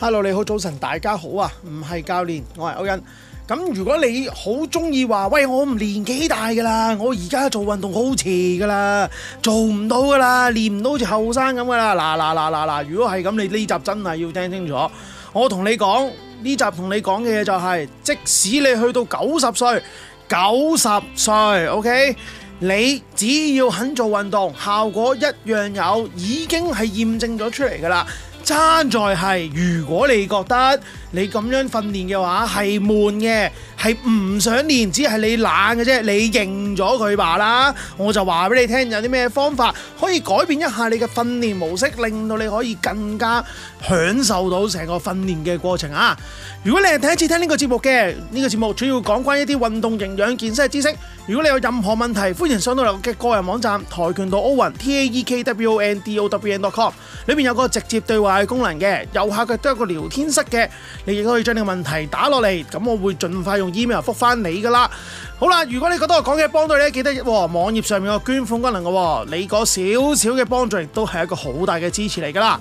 hello，你好，早晨，大家好啊！唔係教練，我係歐恩。咁如果你好中意話，喂，我唔年紀大噶啦，我而家做運動好遲噶啦，做唔到噶啦，練唔到好似後生咁噶啦。嗱嗱嗱嗱嗱，如果係咁，你呢集真係要聽清楚。我同你講呢集同你講嘅嘢就係、是，即使你去到九十歲，九十歲，OK，你只要肯做運動，效果一樣有，已經係驗證咗出嚟噶啦。生在係，如果你覺得，你咁樣訓練嘅話係悶嘅，係唔想練，只係你懶嘅啫，你認咗佢罷啦，我就話俾你聽有啲咩方法可以改變一下你嘅訓練模式，令到你可以更加享受到成個訓練嘅過程啊！如果你係第一次聽呢個節目嘅，呢個節目主要講關於一啲運動營養健身嘅知識。如果你有任何問題，歡迎上到嚟我嘅個人網站跆拳道奧運 TAEKWONDOWEN.com，裏面有個直接對話功能嘅，右下角都有個聊天室嘅。你亦都可以將呢個問題打落嚟，咁我會盡快用 email 覆翻你噶啦。好啦，如果你覺得我講嘢幫到你咧，記得、哦、網頁上面個捐款功能嘅，你個少少嘅幫助亦都係一個好大嘅支持嚟噶啦。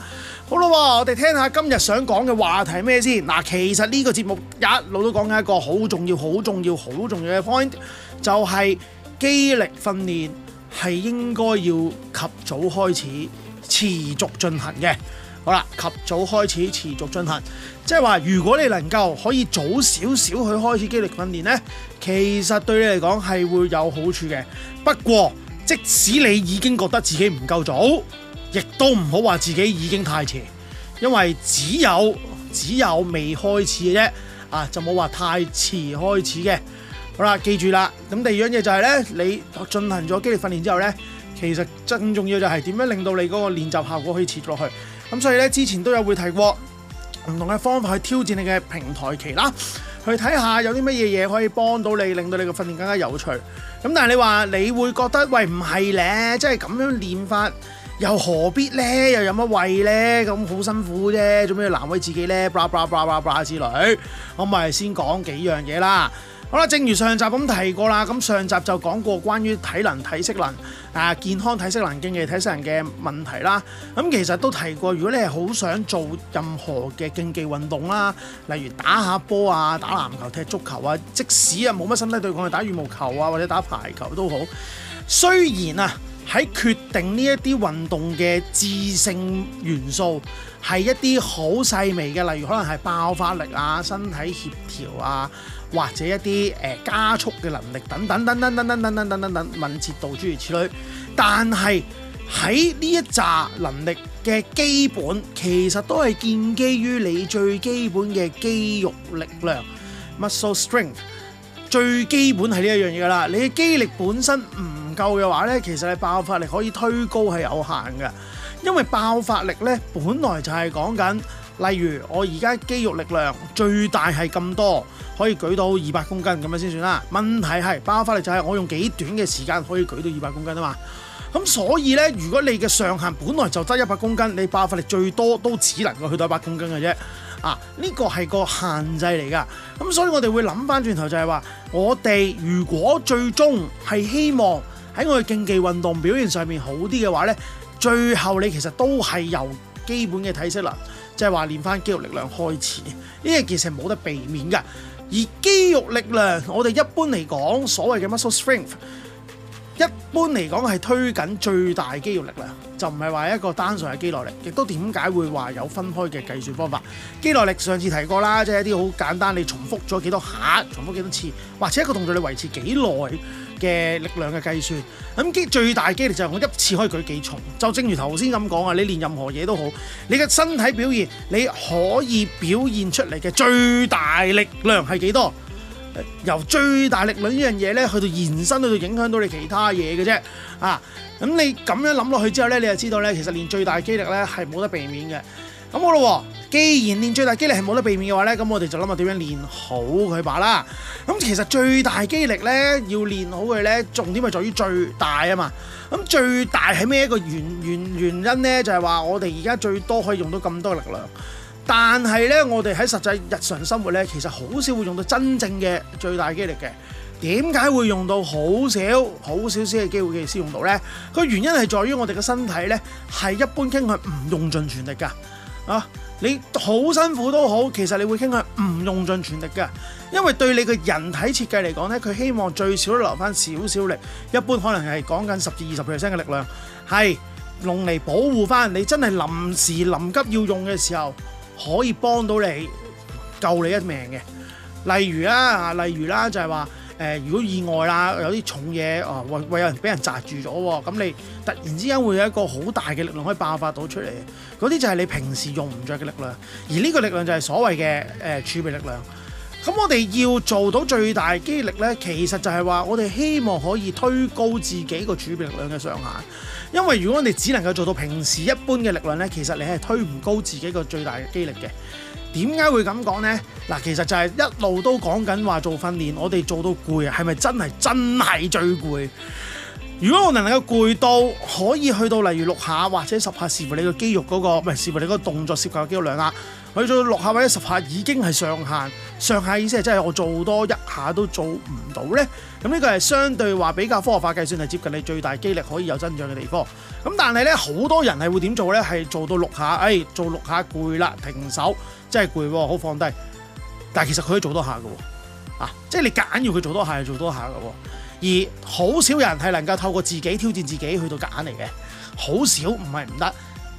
好啦，我哋聽下今日想講嘅話題係咩先？嗱，其實呢個節目一路都講緊一個好重要、好重要、好重要嘅 point，就係肌力訓練係應該要及早開始、持續進行嘅。好啦，及早開始持續進行，即係話如果你能夠可以早少少去開始肌力訓練呢，其實對你嚟講係會有好處嘅。不過即使你已經覺得自己唔夠早，亦都唔好話自己已經太遲，因為只有只有未開始嘅啫，啊就冇話太遲開始嘅。好啦，記住啦，咁第二樣嘢就係呢，你進行咗肌力訓練之後呢，其實更重要就係點樣令到你嗰個練習效果可以持續落去。咁所以咧，之前都有會提過唔同嘅方法去挑戰你嘅平台期啦，去睇下有啲乜嘢嘢可以幫到你，令到你嘅訓練更加有趣。咁但係你話你會覺得，喂唔係咧，即係咁樣練法又何必咧？又有乜謂咧？咁好辛苦啫，做咩要難為自己咧？blah blah blah blah blah 之類，咁咪先講幾樣嘢啦。好啦，正如上集咁提過啦，咁上集就講過關於體能、體適能啊、健康體適能、競技體適能嘅問題啦。咁其實都提過，如果你係好想做任何嘅競技運動啦，例如打下波啊、打籃球、踢足球啊，即使啊冇乜身體對抗，去打羽毛球啊或者打排球都好。雖然啊，喺決定呢一啲運動嘅智性元素係一啲好細微嘅，例如可能係爆發力啊、身體協調啊。或者一啲誒、呃、加速嘅能力等等等等等等等等等等等等，敏捷度諸如此類，但係喺呢一紮能力嘅基本，其實都係建基於你最基本嘅肌肉力量 （muscle strength）。最基本係呢一樣嘢啦。你嘅肌力本身唔夠嘅話咧，其實你爆發力可以推高係有限嘅，因為爆發力咧本來就係講緊，例如我而家肌肉力量最大係咁多。可以舉到二百公斤咁樣先算啦。問題係爆發力就係我用幾短嘅時間可以舉到二百公斤啊嘛。咁所以呢，如果你嘅上限本來就得一百公斤，你爆發力最多都只能夠去到一百公斤嘅啫。啊，呢個係個限制嚟㗎。咁所以我哋會諗翻轉頭就係話，我哋如果最終係希望喺我哋嘅競技運動表現上面好啲嘅話呢，最後你其實都係由基本嘅體適能，即係話練翻肌肉力量開始。呢啲其實冇得避免㗎。而肌肉力量，我哋一般嚟講，所謂嘅 muscle strength，一般嚟講係推緊最大肌肉力量，就唔係話一個單純嘅肌耐力。亦都點解會話有分開嘅計算方法？肌耐力上次提過啦，即係一啲好簡單，你重複咗幾多下，重複幾多次，或者一個動作你維持幾耐。嘅力量嘅計算，咁機最大肌力就係我一次可以舉幾重？就正如頭先咁講啊，你練任何嘢都好，你嘅身體表現，你可以表現出嚟嘅最大力量係幾多、呃？由最大力量呢樣嘢呢去到延伸去到影響到你其他嘢嘅啫。啊，咁你咁樣諗落去之後呢，你就知道呢，其實練最大嘅肌力呢係冇得避免嘅。咁好啦喎。既然練最大肌力係冇得避免嘅話呢，咁我哋就諗下點樣練好佢把啦。咁其實最大肌力呢，要練好佢呢，重點係在於最大啊嘛。咁最大係咩一個原原原因呢？就係話我哋而家最多可以用到咁多力量，但係呢，我哋喺實際日常生活呢，其實好少會用到真正嘅最大肌力嘅。點解會用到好少好少少嘅機會先用到呢？個原因係在於我哋嘅身體呢，係一般傾向唔用盡全力噶啊。你好辛苦都好，其實你會傾向唔用盡全力㗎，因為對你嘅人體設計嚟講呢，佢希望最少都留翻少少力，一般可能係講緊十至二十 percent 嘅力量，係用嚟保護翻你，真係臨時臨急要用嘅時候可以幫到你救你一命嘅。例如啦，例如啦，就係話。呃、如果意外啦，有啲重嘢哦，啊、會有人俾人砸住咗，咁你突然之間會有一個好大嘅力量可以爆發到出嚟，嗰啲就係你平時用唔着嘅力量，而呢個力量就係所謂嘅誒、呃、儲備力量。咁我哋要做到最大嘅肌力呢，其實就係話我哋希望可以推高自己個儲備力量嘅上限，因為如果你只能夠做到平時一般嘅力量呢，其實你係推唔高自己個最大嘅肌力嘅。點解會咁講呢？嗱，其實就係一路都講緊話做訓練，我哋做到攰啊，係咪真係真係最攰？如果我能夠攰到，可以去到例如六下或者十下，視乎你個肌肉嗰個，唔係視乎你嗰個動作涉及嘅肌肉量啊。佢做到六下或者十下已經係上限，上限意思係真係我做多一下都做唔到咧。咁呢個係相對話比較科學化計算係接近你最大肌力可以有增長嘅地方。咁但係咧，好多人係會點做咧？係做到六下，誒、哎，做六下攰啦，停手，真係攰喎，好放低。但係其實佢可以做多一下嘅，啊，即、就、係、是、你夾硬要佢做多一下，係做多一下嘅。而好少人係能夠透過自己挑戰自己去到夾硬嚟嘅，好少不是不，唔係唔得。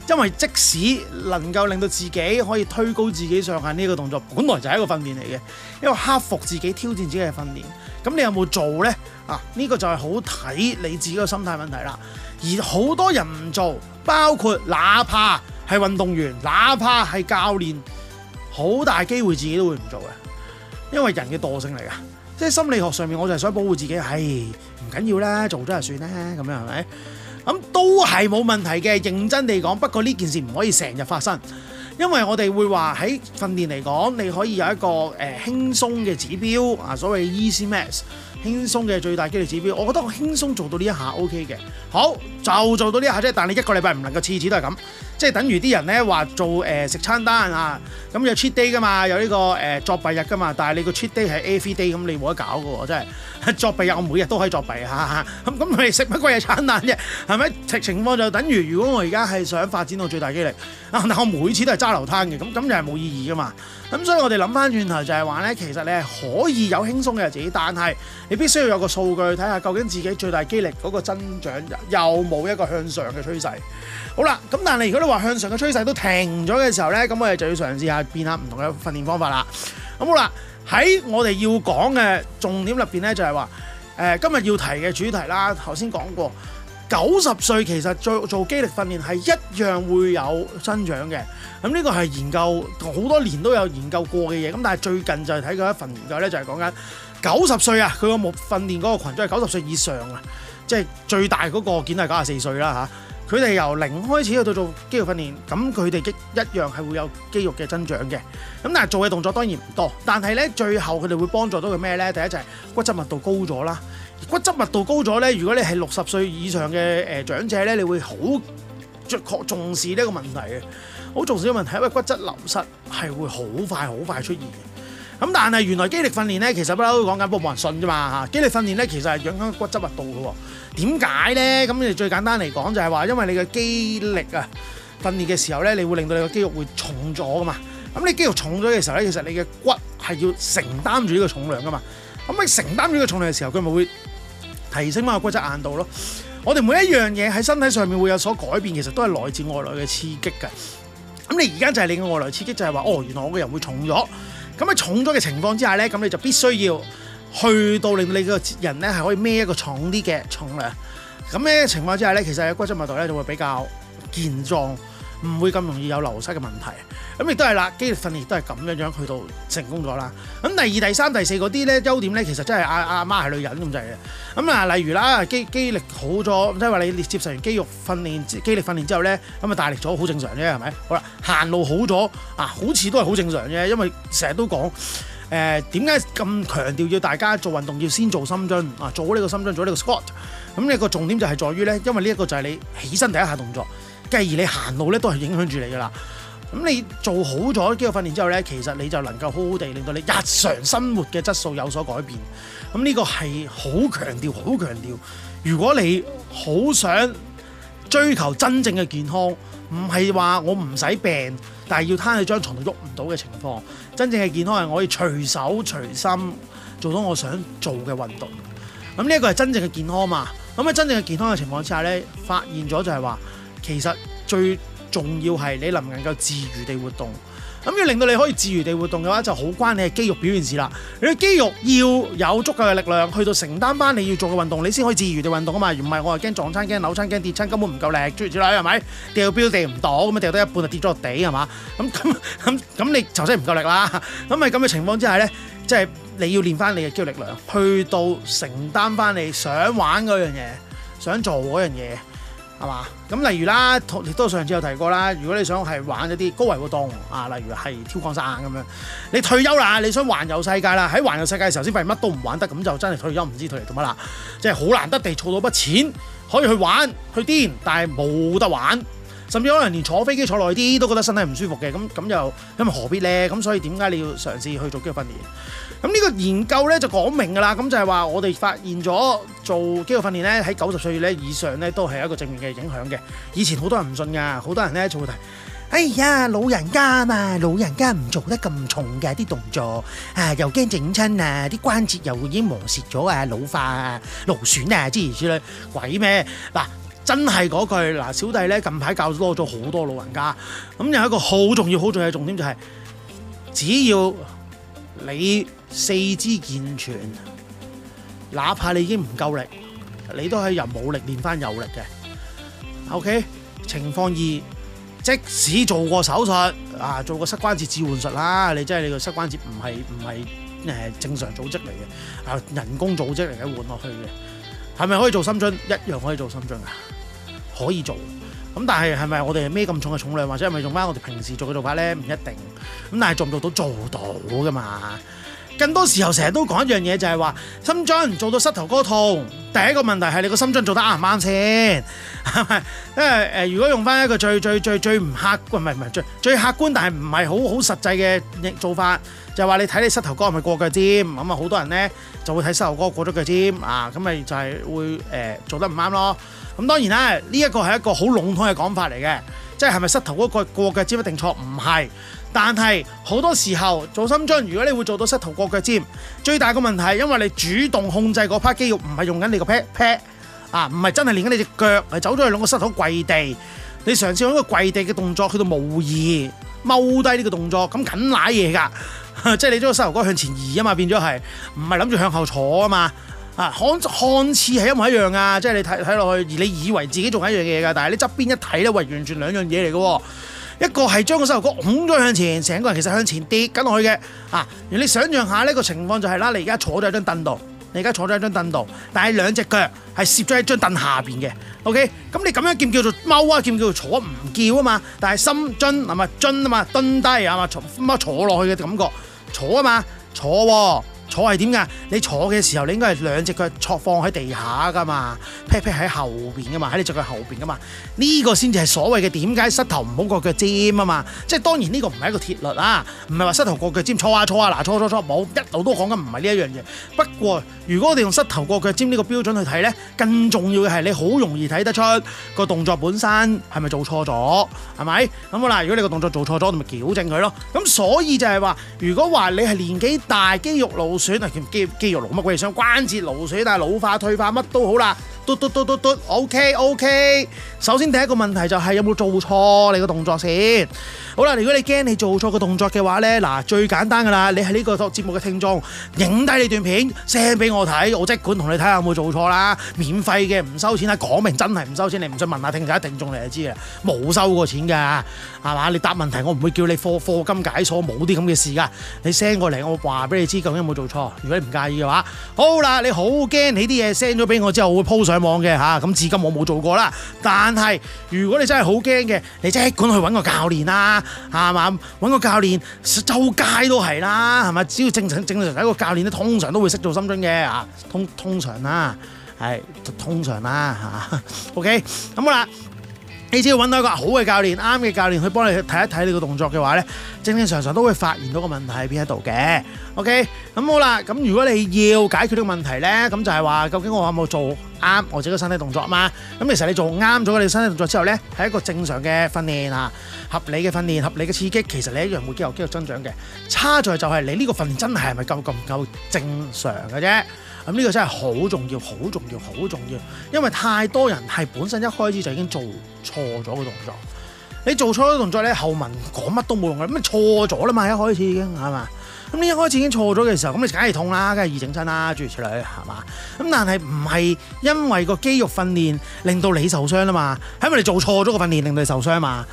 因為即使能夠令到自己可以推高自己上限呢個動作，本來就係一個訓練嚟嘅，一個克服自己、挑戰自己嘅訓練。咁你有冇做呢？啊，呢個就係好睇你自己個心態問題啦。而好多人唔做，包括哪怕係運動員，哪怕係教練，好大機會自己都會唔做嘅。因為人嘅惰性嚟噶，即係心理學上面，我就係想保護自己，係唔緊要啦，做咗就算啦，咁樣係咪？咁都係冇問題嘅，認真地講。不過呢件事唔可以成日發生，因為我哋會話喺訓練嚟講，你可以有一個誒、呃、輕鬆嘅指標啊，所謂 ECMax 輕鬆嘅最大肌力指標。我覺得我輕鬆做到呢一下 OK 嘅。好。就做到呢一下啫，但你一個禮拜唔能夠次次都係咁，即係等於啲人咧話做、呃、食餐單啊，咁有 cheat day 噶嘛，有呢、呢個、呃、作弊日噶嘛，但係你個 cheat day 係 every day，咁你冇得搞噶喎，真係作弊日我每日都可以作弊嚇，咁咁佢哋食乜鬼嘢餐單啫，係咪？食情況就等於如果我而家係想發展到最大肌力，啊、但我每次都係揸流攤嘅，咁咁就係冇意義噶嘛。咁所以我哋諗翻轉頭就係話咧，其實你可以有輕鬆嘅日子，但係你必須要有個數據睇下究竟自己最大肌力嗰個增長有冇。冇一個向上嘅趨勢，好啦，咁但係如果你話向上嘅趨勢都停咗嘅時候呢，咁我哋就要嘗試下變下唔同嘅訓練方法啦。咁好啦，喺我哋要講嘅重點入邊呢，就係話，誒，今日要提嘅主題啦，頭先講過，九十歲其實做做肌力訓練係一樣會有增長嘅。咁呢個係研究好多年都有研究過嘅嘢，咁但係最近就係睇過一份研究呢，就係講緊九十歲啊，佢個目訓練嗰個群組係九十歲以上啊。即係最大嗰個件係九十四歲啦嚇，佢哋由零開始去到做肌肉訓練，咁佢哋激一樣係會有肌肉嘅增長嘅。咁但係做嘅動作當然唔多，但係咧最後佢哋會幫助到佢咩咧？第一就係骨質密度高咗啦。骨質密度高咗咧，如果你係六十歲以上嘅誒長者咧，你會好著重視呢個問題嘅。好重視呢個問題，因為骨質流失係會好快好快出現嘅。咁但係原來肌力訓練咧，其實不嬲都講緊，不過冇人信啫嘛嚇。肌力訓練咧，其實係影響骨質密度嘅喎。點解咧？咁你最簡單嚟講就係話，因為你嘅肌力啊，訓練嘅時候咧，你會令到你嘅肌肉會重咗㗎嘛。咁你肌肉重咗嘅時候咧，其實你嘅骨係要承擔住呢個重量㗎嘛。咁你承擔住呢個重量嘅時候，佢咪會提升翻個骨質硬度咯。我哋每一樣嘢喺身體上面會有所改變，其實都係來自外來嘅刺激㗎。咁你而家就係你嘅外來刺激，就係話哦，原來我個人會重咗。咁喺重咗嘅情況之下咧，咁你就必須要，去到令你嘅人咧，係可以孭一個重啲嘅重量，咁咧情況之下咧，其實嘅骨質密度咧就會比較健壯，唔會咁容易有流失嘅問題。咁亦都係啦，肌力訓練亦都係咁樣樣去到成功咗啦。咁第二、第三、第四嗰啲咧優點咧，其實真係阿阿媽係女人咁滯嘅。咁啊，例如啦，肌肌力好咗，即係話你接接受完肌肉訓練、肌力訓練之後咧，咁啊大力咗，好正常啫，係咪？好啦，行路好咗啊，好似都係好正常啫，因為成日都講。誒點解咁強調要大家做運動要先做深蹲啊？做好呢個深蹲，做好呢個 squat。咁呢個重點就係在於呢，因為呢一個就係你起身第一下動作，繼而你行路呢都係影響住你㗎喇。咁你做好咗呢個訓練之後呢，其實你就能夠好好地令到你日常生活嘅質素有所改變。咁呢個係好強調，好強調。如果你好想追求真正嘅健康，唔係話我唔使病。但係要攤喺張床度喐唔到嘅情況，真正嘅健康係可以隨手隨心做到我想做嘅運動。咁呢個係真正嘅健康嘛？咁喺真正嘅健康嘅情況之下呢，發現咗就係話其實最重要係你能唔能夠自如地活動。咁要令到你可以自如地活動嘅話，就好關你嘅肌肉表現事啦。你嘅肌肉要有足夠嘅力量去到承擔翻你要做嘅運動，你先可以自如地運動啊嘛。唔係我係驚撞親、驚扭親、驚跌，跌親，根本唔夠力，注意住啦，係咪？掉標地唔到，咁樣掉得一半就跌咗落地，係嘛？咁咁咁咁，你頭先唔夠力啦。咁喺咁嘅情況之下咧，即係你要練翻你嘅肌肉力量，去到承擔翻你想玩嗰樣嘢，想做嗰樣嘢。係嘛？咁例如啦，亦都上次有提過啦。如果你想係玩一啲高危活動啊，例如係跳降傘咁樣，你退休啦，你想環遊世界啦，喺環遊世界嘅時候先發現乜都唔玩得，咁就真係退休唔知退嚟做乜啦，即係好難得地儲到筆錢可以去玩去癲，但係冇得玩，甚至可能連坐飛機坐耐啲都覺得身體唔舒服嘅，咁咁又咁何必呢？咁所以點解你要嘗試去做肌肉訓練？咁呢個研究咧就講明㗎啦，咁就係話我哋發現咗做肌肉訓練咧喺九十歲咧以上咧都係一個正面嘅影響嘅。以前好多人唔信㗎，好多人咧就會提：「哎呀老人家啊嘛，老人家唔做得咁重嘅啲動作，誒、啊、又驚整親啊，啲關節又已經磨蝕咗，誒老化啊勞損啊之如此類，之類鬼咩？嗱、啊、真係嗰句嗱，小弟咧近排教多咗好多老人家，咁又一個好重要好重要嘅重點就係、是、只要。你四肢健全，哪怕你已經唔夠力，你都係由冇力練翻有力嘅。OK，情況二，即使做過手術啊，做過膝關節置換術啦，你即係你個膝關節唔係唔係誒正常組織嚟嘅啊，人工組織嚟嘅換落去嘅，係咪可以做深蹲？一樣可以做深蹲啊，可以做。咁但係係咪我哋孭咁重嘅重量，或者係咪用翻我哋平時做嘅做法咧？唔一定。咁但係做唔做到做到㗎嘛？更多時候成日都講一樣嘢，就係話深蹲做到膝頭哥痛，第一個問題係你個深蹲做得啱唔啱先，因為誒、呃、如果用翻一個最最最最唔客，唔係唔係最最客觀，但係唔係好好實際嘅做法，就話、是、你睇你膝頭哥係咪過腳尖。咁啊好多人呢就會睇膝頭哥過咗腳尖，啊咁咪就係會誒、呃、做得唔啱咯。咁、嗯、當然啦，呢一個係一個好籠統嘅講法嚟嘅，即係係咪膝頭哥過腳尖一定錯？唔係。但係好多時候做深蹲，如果你會做到膝頭過腳尖，最大個問題係因為你主動控制嗰 part 肌肉唔係用緊你個 pat pat 啊，唔係真係連緊你隻腳，係走咗去兩個膝頭跪地。你嘗試用一個跪地嘅動作去到模擬踎低呢個動作，咁緊拉嘢㗎，即係你將個膝頭哥向前移啊嘛，變咗係唔係諗住向後坐啊嘛啊，看，看似係一模一樣啊，即係你睇睇落去而你以為自己做緊一樣嘢㗎，但係你側邊一睇咧，喂，完全兩樣嘢嚟㗎喎。一個係將個膝頭哥拱咗向前，成個人其實是向前跌緊落去嘅，啊！而你想象下呢個情況就係啦，你而家坐咗喺張凳度，你而家坐咗喺張凳度，但係兩隻腳係攝咗喺張凳下邊嘅，OK？咁你咁樣叫唔叫做踎啊，叫唔叫做坐唔叫啊嘛，但係深蹲係嘛蹲啊嘛，蹲低係嘛，踎坐落去嘅感覺，坐啊嘛，坐。坐係點噶？你坐嘅時候，你應該係兩隻腳坐放喺地下噶嘛，劈劈喺後邊噶嘛，喺你隻腳後邊噶嘛。呢個先至係所謂嘅點解膝頭唔好過腳尖啊嘛。即、就是、當然呢個唔係一個鐵律啦、啊，唔係話膝頭過腳尖坐啊坐啊嗱，坐、啊、坐、啊、坐冇、啊啊啊、一路都講緊唔係呢一樣嘢。不過。如果我哋用膝頭過腳尖呢個標準去睇呢，更重要嘅係你好容易睇得出個動作本身係咪做錯咗，係咪？咁好啦，如果你個動作做錯咗，你咪矯正佢咯。咁所以就係話，如果話你係年紀大，肌肉勞損啊，兼肌肉肌肉勞乜鬼，想關節勞損，但係老化退化乜都好啦。嘟嘟嘟嘟嘟，OK OK。首先第一個問題就係有冇做錯你嘅動作先。好啦，如果你驚你做錯個動作嘅話咧，嗱，最簡單噶啦，你係呢個節目嘅聽眾，影低你段片 send 俾我睇，我即管同你睇下有冇做錯啦。免費嘅唔收錢啊，講明真係唔收錢，你唔信問下聽眾一定中你就知啦，冇收過錢噶，係嘛？你答問題我唔會叫你課課金解鎖，冇啲咁嘅事噶。你 send 過嚟我話俾你知究竟有冇做錯。如果你唔介意嘅話，好啦，你好驚你啲嘢 send 咗俾我之後我會 po 上望嘅吓，咁至今我冇做過啦。但係如果你真係好驚嘅，你即管去搵個教練啦，係嘛？搵個教練周街都係啦，係咪？只要正常正常係一個教練咧，通常都會識做深蹲嘅啊。通通常啦，係通常啦吓。OK，咁啊。你只要揾到一個好嘅教練，啱嘅教練去幫你去睇一睇你個動作嘅話咧，正正常常都會發現到個問題喺邊一度嘅。OK，咁好啦，咁如果你要解決呢個問題咧，咁就係話究竟我有冇做啱我自己嘅身體動作啊嘛？咁其實你做啱咗你身體動作之後咧，係一個正常嘅訓練啊，合理嘅訓練，合理嘅刺激，其實你一樣會肌肉肌肉增長嘅。差在就係你呢個訓練真係係咪夠夠唔夠正常嘅啫？咁、這、呢個真係好重要，好重要，好重要，因為太多人係本身一開始就已經做錯咗嘅動作。你做錯咗動作咧，後文講乜都冇用嘅，咁你錯咗啦嘛，一開始已經係嘛。咁你一開始已經錯咗嘅時候，咁你梗係痛啦，梗係易整親啦，諸如此類，係嘛？咁但係唔係因為個肌肉訓練令到你受傷啦嘛？係咪你做錯咗個訓練令到你受傷嘛？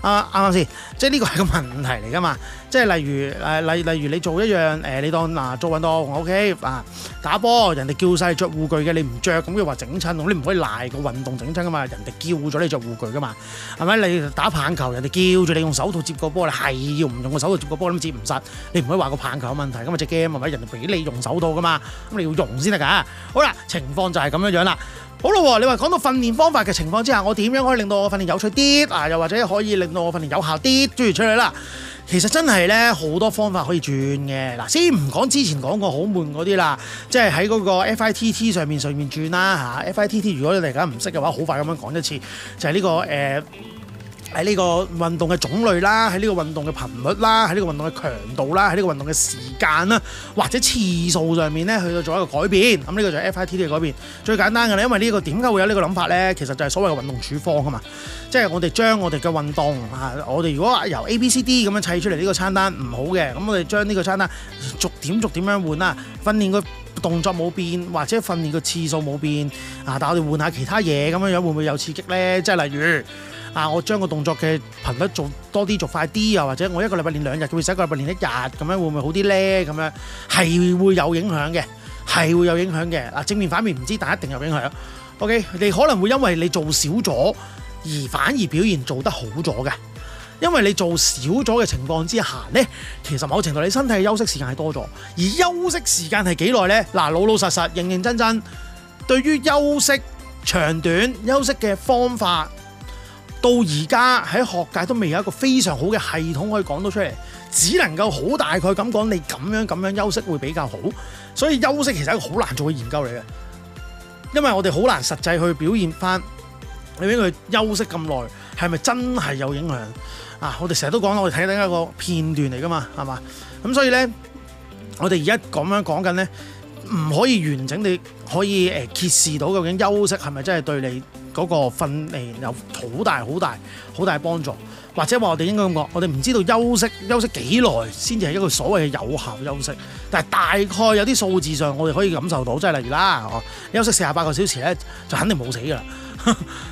啊，啱啱先？即係呢個係個問題嚟噶嘛？即係例如誒，例例如你做一樣誒，你當嗱做運動，O K 啊，打波人哋叫晒着護具嘅，你唔着咁你話整親喎？你唔可以賴個運動整親噶嘛？人哋叫咗你着護具噶嘛？係咪？你打棒球人哋叫住你用手套接個波，你係要唔用個手套接個波咁接唔實？你唔可以話個棒球有問題噶嘛？隻 game 係咪？人哋俾你用手套噶嘛？咁你要用先得噶。好啦，情況就係咁樣樣啦。好咯，你話講到訓練方法嘅情況之下，我點樣可以令到我訓練有趣啲啊？又或者可以令到我訓練有效啲，諸如此類啦。其實真係呢，好多方法可以轉嘅。嗱，先唔講之前講過好悶嗰啲啦，即係喺嗰個 FITT 上面上面轉啦嚇。FITT 如果你哋而家唔識嘅話，好快咁樣講一次，就係呢個誒。呃喺呢個運動嘅種類啦，喺呢個運動嘅頻率啦，喺呢個運動嘅強度啦，喺呢個運動嘅時間啦，或者次數上面咧，去到做一個改變。咁呢個就係 F I T 嘅改變。最簡單嘅咧，因為呢個點解會有呢個諗法咧？其實就係所謂嘅運動處方啊嘛。即係我哋將我哋嘅運動啊，我哋如果由 A B C D 咁樣砌出嚟呢個餐單唔好嘅，咁我哋將呢個餐單逐點逐點樣換啦，訓練佢。動作冇變或者訓練嘅次數冇變啊，但我哋換下其他嘢咁樣樣會唔會有刺激呢？即係例如啊，我將個動作嘅頻率做多啲、做快啲，又或者我一個禮拜練兩日，佢會一個禮拜練一日，咁樣會唔會好啲呢？咁樣係會有影響嘅，係會有影響嘅。嗱、啊，正面反面唔知，但一定有影響。OK，你可能會因為你做少咗而反而表現做得好咗嘅。因為你做少咗嘅情況之下呢，其實某程度你身體嘅休息時間係多咗，而休息時間係幾耐呢？嗱，老老實實、認認真真，對於休息長短、休息嘅方法，到而家喺學界都未有一個非常好嘅系統可以講到出嚟，只能夠好大概咁講，你咁樣咁樣休息會比較好。所以休息其實係一個好難做嘅研究嚟嘅，因為我哋好難實際去表現翻，你俾佢休息咁耐，係咪真係有影響？啊！我哋成日都講，我哋睇緊一個片段嚟噶嘛，係嘛？咁所以咧，我哋而家咁樣講緊咧，唔可以完整地可以誒揭示到究竟休息係咪真係對你嗰個訓練有好大好大好大、大幫助，或者話我哋應該咁講，我哋唔知道休息休息幾耐先至係一個所謂嘅有效休息，但係大概有啲數字上我哋可以感受到，即係例如啦、啊，休息四十八個小時咧，就肯定冇死噶啦。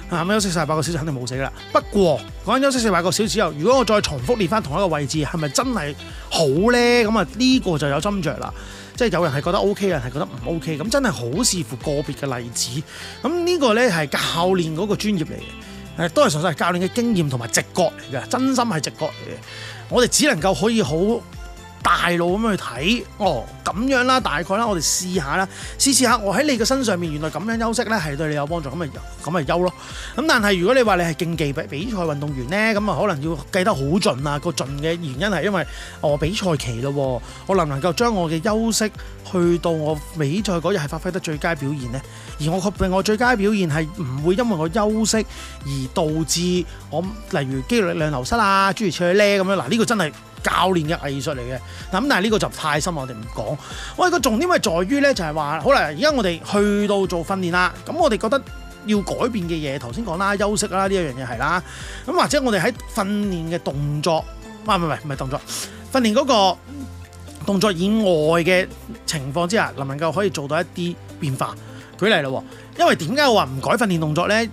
啊！ 休息四十八個小時肯定冇死啦。不過講緊休息四十八個小時之後，如果我再重複練翻同一個位置，係咪真係好呢？咁啊呢個就有斟酌啦。即係有人係覺得 OK，人係覺得唔 OK。咁真係好視乎個別嘅例子。咁呢個呢係教練嗰個專業嚟嘅，誒都係純粹係教練嘅經驗同埋直覺嚟嘅，真心係直覺嚟嘅。我哋只能夠可以好。大腦咁樣去睇，哦咁樣啦，大概啦，我哋試下啦，試試下我喺你嘅身上面，原來咁樣休息呢，係對你有幫助，咁咪咁咪休咯。咁但係如果你話你係競技比比賽運動員咧，咁啊可能要計得好盡啊。個盡嘅原因係因為我、哦、比賽期咯，我能唔能夠將我嘅休息去到我比賽嗰日係發揮得最佳表現呢？而我確定我最佳表現係唔會因為我休息而導致我例如肌肉力量流失啊、諸如此類咁樣。嗱、啊、呢、呢個真係，教練嘅藝術嚟嘅，咁但係呢個就太深，我哋唔講。我哋個重點係在於咧，就係話，好啦，而家我哋去到做訓練啦，咁我哋覺得要改變嘅嘢，頭先講啦，休息啦，呢一樣嘢係啦，咁或者我哋喺訓練嘅動作，唔係唔係唔係動作，訓練嗰個動作以外嘅情況之下，能唔能夠可以做到一啲變化？舉例啦，因為點解我話唔改訓練動作咧？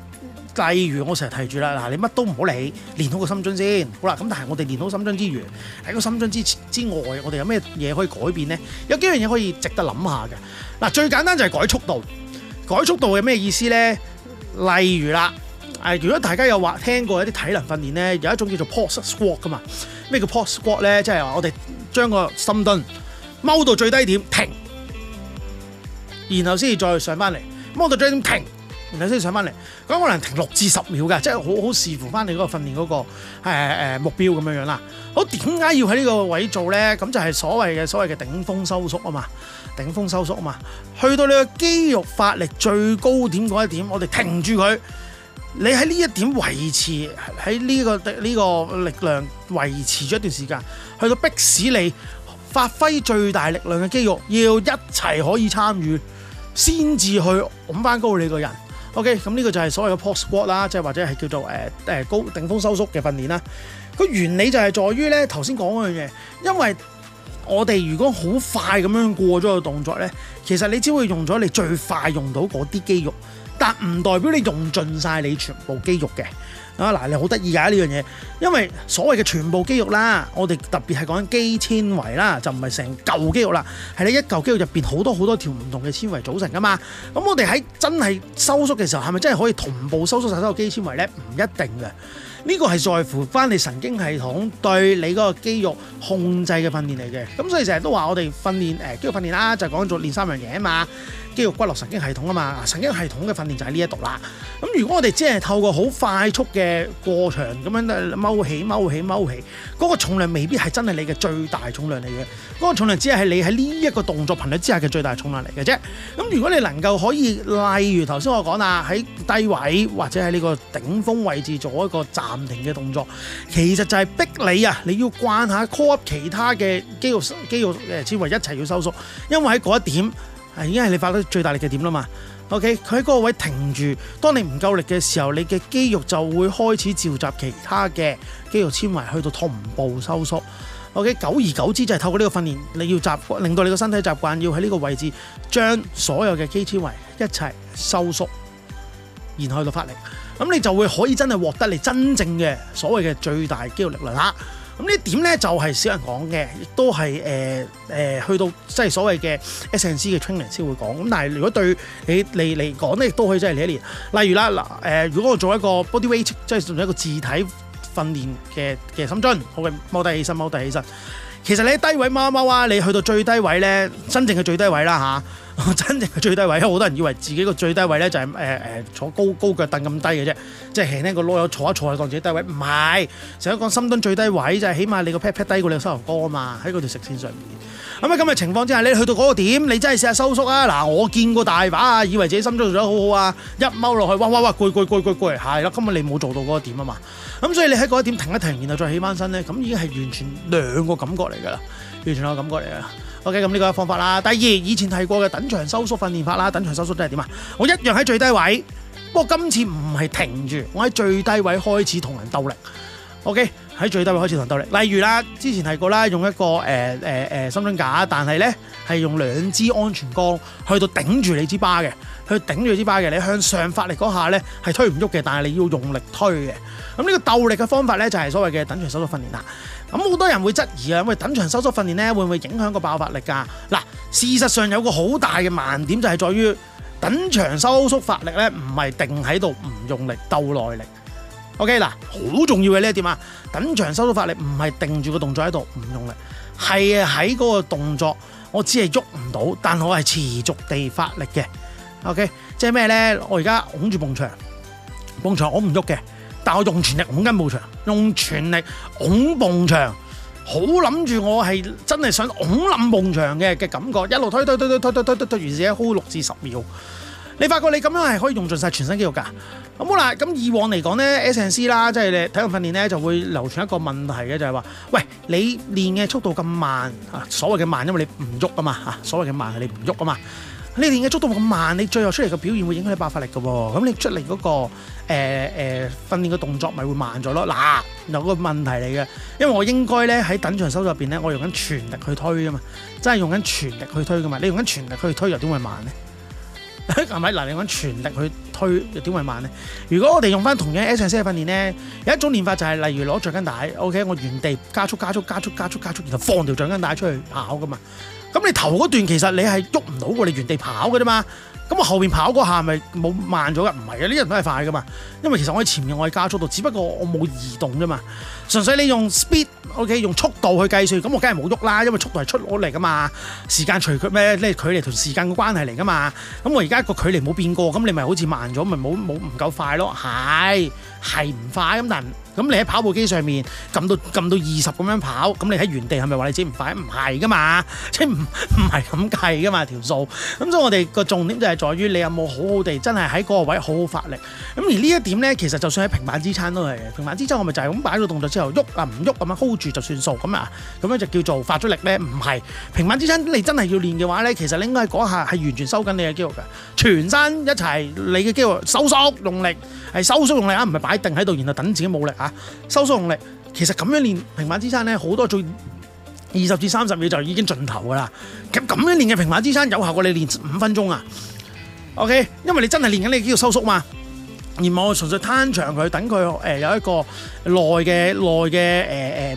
例如我成日提住啦，嗱你乜都唔好理，練好個深蹲先。好啦，咁但係我哋練好深蹲之餘，喺個深蹲之之外，我哋有咩嘢可以改變咧？有幾樣嘢可以值得諗下嘅。嗱，最簡單就係改速度。改速度有咩意思咧？例如啦，誒，如果大家有話聽過一啲體能訓練咧，有一種叫做 p o s e Squat 噶嘛。咩叫 p o s e Squat 咧？即係話我哋將個深蹲踎到最低點停，然後先至再上翻嚟，踎到最低點停。然後先上翻嚟，咁可能停六至十秒嘅，即係好好視乎翻你嗰個訓練嗰個誒誒目標咁樣樣啦。好，點解要喺呢個位做咧？咁就係所謂嘅所謂嘅頂峰收縮啊嘛，頂峰收縮啊嘛，去到你個肌肉發力最高點嗰一點，我哋停住佢。你喺呢一點維持喺呢個呢個力量維持咗一段時間，去到迫使你發揮最大力量嘅肌肉要一齊可以參與，先至去掹翻高你個人。O.K. 咁呢個就係所謂嘅 pop squat 啦，即係或者係叫做誒誒、呃、高頂峰收縮嘅訓練啦。個原理就係在於咧，頭先講嗰樣嘢，因為我哋如果好快咁樣過咗個動作咧，其實你只會用咗你最快用到嗰啲肌肉，但唔代表你用盡晒你全部肌肉嘅。嗱、啊，你好得意㗎呢樣嘢，因為所謂嘅全部肌肉啦，我哋特別係講緊肌纖維啦，就唔係成嚿肌肉啦，係你一嚿肌肉入邊好多好多條唔同嘅纖維組成㗎嘛。咁我哋喺真係收縮嘅時候，係咪真係可以同步收縮晒所有肌纖維咧？唔一定嘅，呢個係在乎翻你神經系統對你嗰個肌肉控制嘅訓練嚟嘅。咁所以成日都話我哋訓練誒、呃、肌肉訓練啦、啊，就講、係、做練三樣嘢啊嘛。肌肉、骨骼神經系統啊嘛，神經系統嘅訓練就喺呢一度啦。咁如果我哋只係透過好快速嘅過場咁樣，踎起、踎起、踎起，嗰個重量未必係真係你嘅最大重量嚟嘅。嗰個重量只係係你喺呢一個動作頻率之下嘅最大重量嚟嘅啫。咁如果你能夠可以，例如頭先我講啦，喺低位或者喺呢個頂峰位置做一個暫停嘅動作，其實就係逼你啊，你要慣下 call up 其他嘅肌肉、肌肉嘅纖維一齊要收縮，因為喺嗰一點，已經係你發到最大力嘅點啦嘛。OK，佢喺嗰個位停住。當你唔夠力嘅時候，你嘅肌肉就會開始召集其他嘅肌肉纖維去到同步收縮。OK，久而久之就係透過呢個訓練，你要習，令到你個身體習慣要喺呢個位置將所有嘅肌纖維一齊收縮，然後去到發力。咁你就會可以真係獲得你真正嘅所謂嘅最大肌肉力量。咁呢點咧就係少人講嘅。亦都係、呃呃、去到即係所謂嘅 S and C 嘅 training 先會講。咁但係如果對你你嚟講咧，亦都可以真係嚟一年。例如啦，嗱、呃、如果我做一個 body weight，即係做一個自體訓練嘅嘅深蹲，好嘅踎低起身，踎低起身。其實你喺低位踎一踎啊，你去到最低位咧，真正嘅最低位啦吓。啊真正嘅最低位咧，好多人以為自己個最低位咧就係誒誒坐高高腳凳咁低嘅啫，即係輕輕個囉柚坐一坐就當自己低位，唔係，成日講深蹲最低位就係起碼你個 pat pat 低過你個膝頭哥啊嘛，喺嗰條食線上面。咁啊嘅情況之下，你去到嗰個點，你真係試下收縮啊！嗱，我見過大把啊，以為自己深蹲做得好好啊，一踎落去，哇哇哇，攰攰攰攰攰，係啦，根本你冇做到嗰個點啊嘛，咁所以你喺嗰一點停一停，然後再起翻身咧，咁已經係完全兩個感覺嚟㗎啦，完全兩個感覺嚟㗎。O K，咁呢個方法啦。第二，以前提過嘅等長收縮訓練法啦。等長收縮都係點啊？我一樣喺最低位，不過今次唔係停住，我喺最低位開始同人鬥力。O K，喺最低位開始同人鬥力。例如啦，之前提過啦，用一個誒誒誒深蹲架，但係咧係用兩支安全桿去到頂住你支巴嘅，去頂住支巴嘅。你向上發力嗰下咧係推唔喐嘅，但係你要用力推嘅。咁呢個鬥力嘅方法咧就係、是、所謂嘅等長收縮訓練啦。咁好多人會質疑啊，喂，等長收縮訓練呢會唔會影響個爆發力㗎？嗱，事實上有個好大嘅盲點就係在於等長收縮發力呢唔係定喺度唔用力鬥耐力。O K，嗱，好重要嘅呢一點啊，等長收縮發力唔係定住個動作喺度唔用力，係喺嗰個動作，我只係喐唔到，但係我係持續地發力嘅。OK，即係咩呢？我而家拱住埲牆，埲牆，牆我唔喐嘅。但我用全力拱緊步牆，用全力拱蹦牆，牆，好諗住我係真係想拱冧蹦牆嘅嘅感覺，一路推推推推推推推完自己，hold 六至十秒。你發覺你咁樣係可以用盡晒全身肌肉噶。咁好啦，咁以往嚟講咧，S and C 啦，即係體育訓練咧，就會流傳一個問題嘅就係、是、話，喂，你練嘅速度咁慢啊，所謂嘅慢，因為你唔喐啊嘛，所謂嘅慢係你唔喐啊嘛。你練嘅速度冇咁慢，你最後出嚟嘅表現會影響你爆發力嘅喎、哦。咁你出嚟嗰、那個誒誒、呃呃、訓練嘅動作咪會慢咗咯？嗱、啊，有個問題嚟嘅，因為我應該咧喺等長收入邊咧，我用緊全力去推㗎嘛，真係用緊全力去推㗎嘛。你用緊全力去推又點會慢咧？係咪嗱？你用緊全力去推又點會慢咧？如果我哋用翻同樣 S 型嘅訓練咧，有一種練法就係、是、例如攞橡筋帶，OK，我原地加速、加速、加速、加速、加速，然後放條橡筋帶出去跑噶嘛。咁你頭嗰段其實你係喐唔到嘅，你原地跑嘅啫嘛。咁我後邊跑嗰下咪冇慢咗噶？唔係啊，啲人都係快噶嘛。因為其實我喺前面，我係加速度，只不過我冇移動啫嘛。純粹你用 speed，ok、okay，用速度去計算，咁我梗係冇喐啦，因為速度係出攞嚟噶嘛。時間除佢咩咧？距離同時間嘅關係嚟噶嘛。咁我而家個距離冇變過，咁你咪好似慢咗，咪冇冇唔夠快咯，係。係唔快咁，但係咁你喺跑步機上面撳到撳到二十咁樣跑，咁你喺原地係咪話你自己唔快？唔係噶嘛，即係唔唔係咁計噶嘛條數。咁所以我哋個重點就係在於你有冇好好地真係喺嗰個位好好發力。咁而呢一點咧，其實就算喺平板支撐都係。平板支撐我咪就係咁擺到動,動作之後喐啊唔喐咁樣 hold 住就算數咁啊。咁樣就叫做發出力咧？唔係。平板支撐你真係要練嘅話咧，其實你應該喺嗰下係完全收緊你嘅肌肉嘅，全身一齊你嘅肌肉收縮用力，係收縮用力啊，唔係擺。一定喺度，然後等自己冇力啊，收縮用力。其實咁樣練平板支撐咧，好多最二十至三十秒就已經盡頭㗎喇。咁咁樣練嘅平板支撐有效過你練五分鐘啊。OK，因為你真係練緊你肌肉收縮嘛，而唔係純粹攤長佢等佢誒、呃、有一個耐嘅耐嘅誒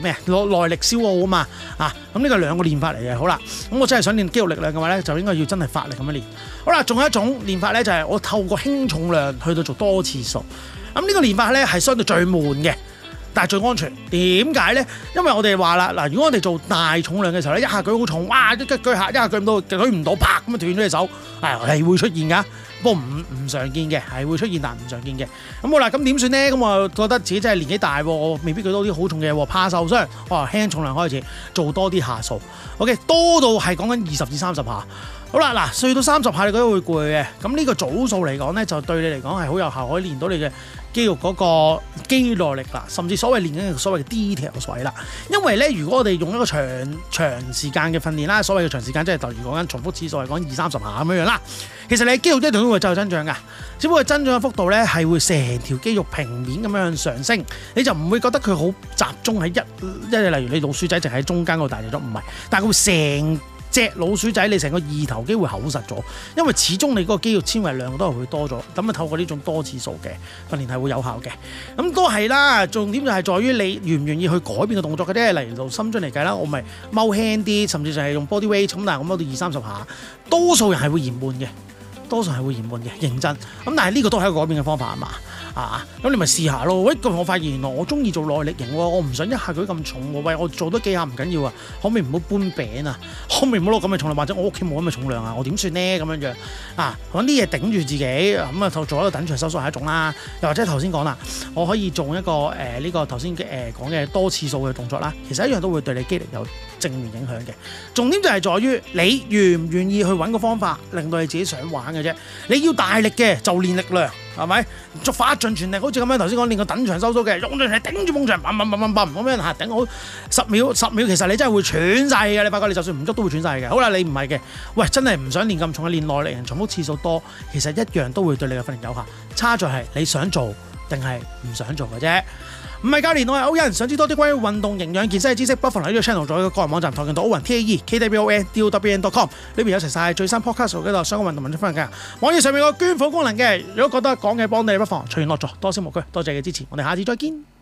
誒咩攞耐力消耗啊嘛啊。咁呢個兩個練法嚟嘅好啦。咁我真係想練肌肉力量嘅話咧，就應該要真係發力咁樣練。好啦，仲有一種練法咧，就係、是、我透過輕重量去到做多次數。咁呢個練法咧係相對最悶嘅，但係最安全。點解咧？因為我哋話啦，嗱，如果我哋做大重量嘅時候咧，一下舉好重，哇、啊，一下舉唔到，舉唔到，啪咁啊斷咗隻手，係、哎、會出現噶，不過唔唔常見嘅，係會出現，但唔常見嘅。咁好啦，咁點算咧？咁我覺得自己真係年紀大，我未必舉到啲好重嘅，怕受傷，我、啊、輕，輕重量開始做多啲下數。OK，多到係講緊二十至三十下。好啦，嗱，碎到三十下你覺得會攰嘅，咁呢個組數嚟講咧，就對你嚟講係好有效，可以練到你嘅。肌肉嗰個肌耐力啦，甚至所謂嘅練緊嘅所謂 detail 水啦，因為咧，如果我哋用一個長長時間嘅訓練啦，所謂嘅長時間即係例如講緊重複次數係講二三十下咁樣樣啦，其實你的肌肉真係都會有增長㗎，只不過增長嘅幅度咧係會成條肌肉平面咁樣上升，你就唔會覺得佢好集中喺一一、呃、例如你老鼠仔淨喺中間嗰度大，亦都唔係，但係佢會成。隻老鼠仔，你成個二頭肌會厚實咗，因為始終你嗰個肌肉纖維量都係會多咗，咁啊透過呢種多次數嘅訓練係會有效嘅，咁都係啦。重點就係在於你願唔願意去改變個動作嘅，啫。例如從深蹲嚟計啦，我咪踎輕啲，甚至就係用 body weight，咁但係我踎到二三十下，多數人係會嫌悶嘅，多數人係會嫌悶嘅，認真。咁但係呢個都係一個改變嘅方法，嘛？啊咁你咪試下咯！喂，我發現原來我中意做耐力型喎，我唔想一下舉咁重喎。喂，我做得幾下唔緊要啊，可唔可以唔好搬餅啊？可唔可以唔好攞咁嘅重量？或者我屋企冇咁嘅重量怎麼啊，我點算呢？咁樣樣啊，揾啲嘢頂住自己咁啊、嗯，做一個等長收縮係一,一種啦。又或者頭先講啦，我可以做一個誒呢、呃呢個頭先誒講嘅多次數嘅動作啦。其實一樣都會對你肌力有正面影響嘅。重點就係在於你願唔願意去揾個方法令到你自己想玩嘅啫。你要大力嘅就練力量。係咪？足發盡全力，好似咁樣頭先講練個等長收縮嘅，用盡力頂住踎牆，掹咁樣嚇頂好十秒十秒，秒其實你真係會喘晒氣嘅。你發覺你就算唔郁都會喘晒氣嘅。好啦，你唔係嘅，喂，真係唔想練咁重嘅，練耐力，人重複次數多，其實一樣都會對你嘅訓練有限。差在係你想做定係唔想做嘅啫。唔係教練，我係 Owen。想知道多啲關於運動營養健身嘅知識，不妨喺呢個 channel，再個個人網站跆拳道 Owen T A E K W O N D O W E N dot com，裏邊有齊晒最新 podcast，手度相關運動文章分享嘅。網頁上面有個捐款功能嘅，如果覺得講嘅幫你，不妨隨便落座，多少無拘，多謝你嘅支持，我哋下次再見。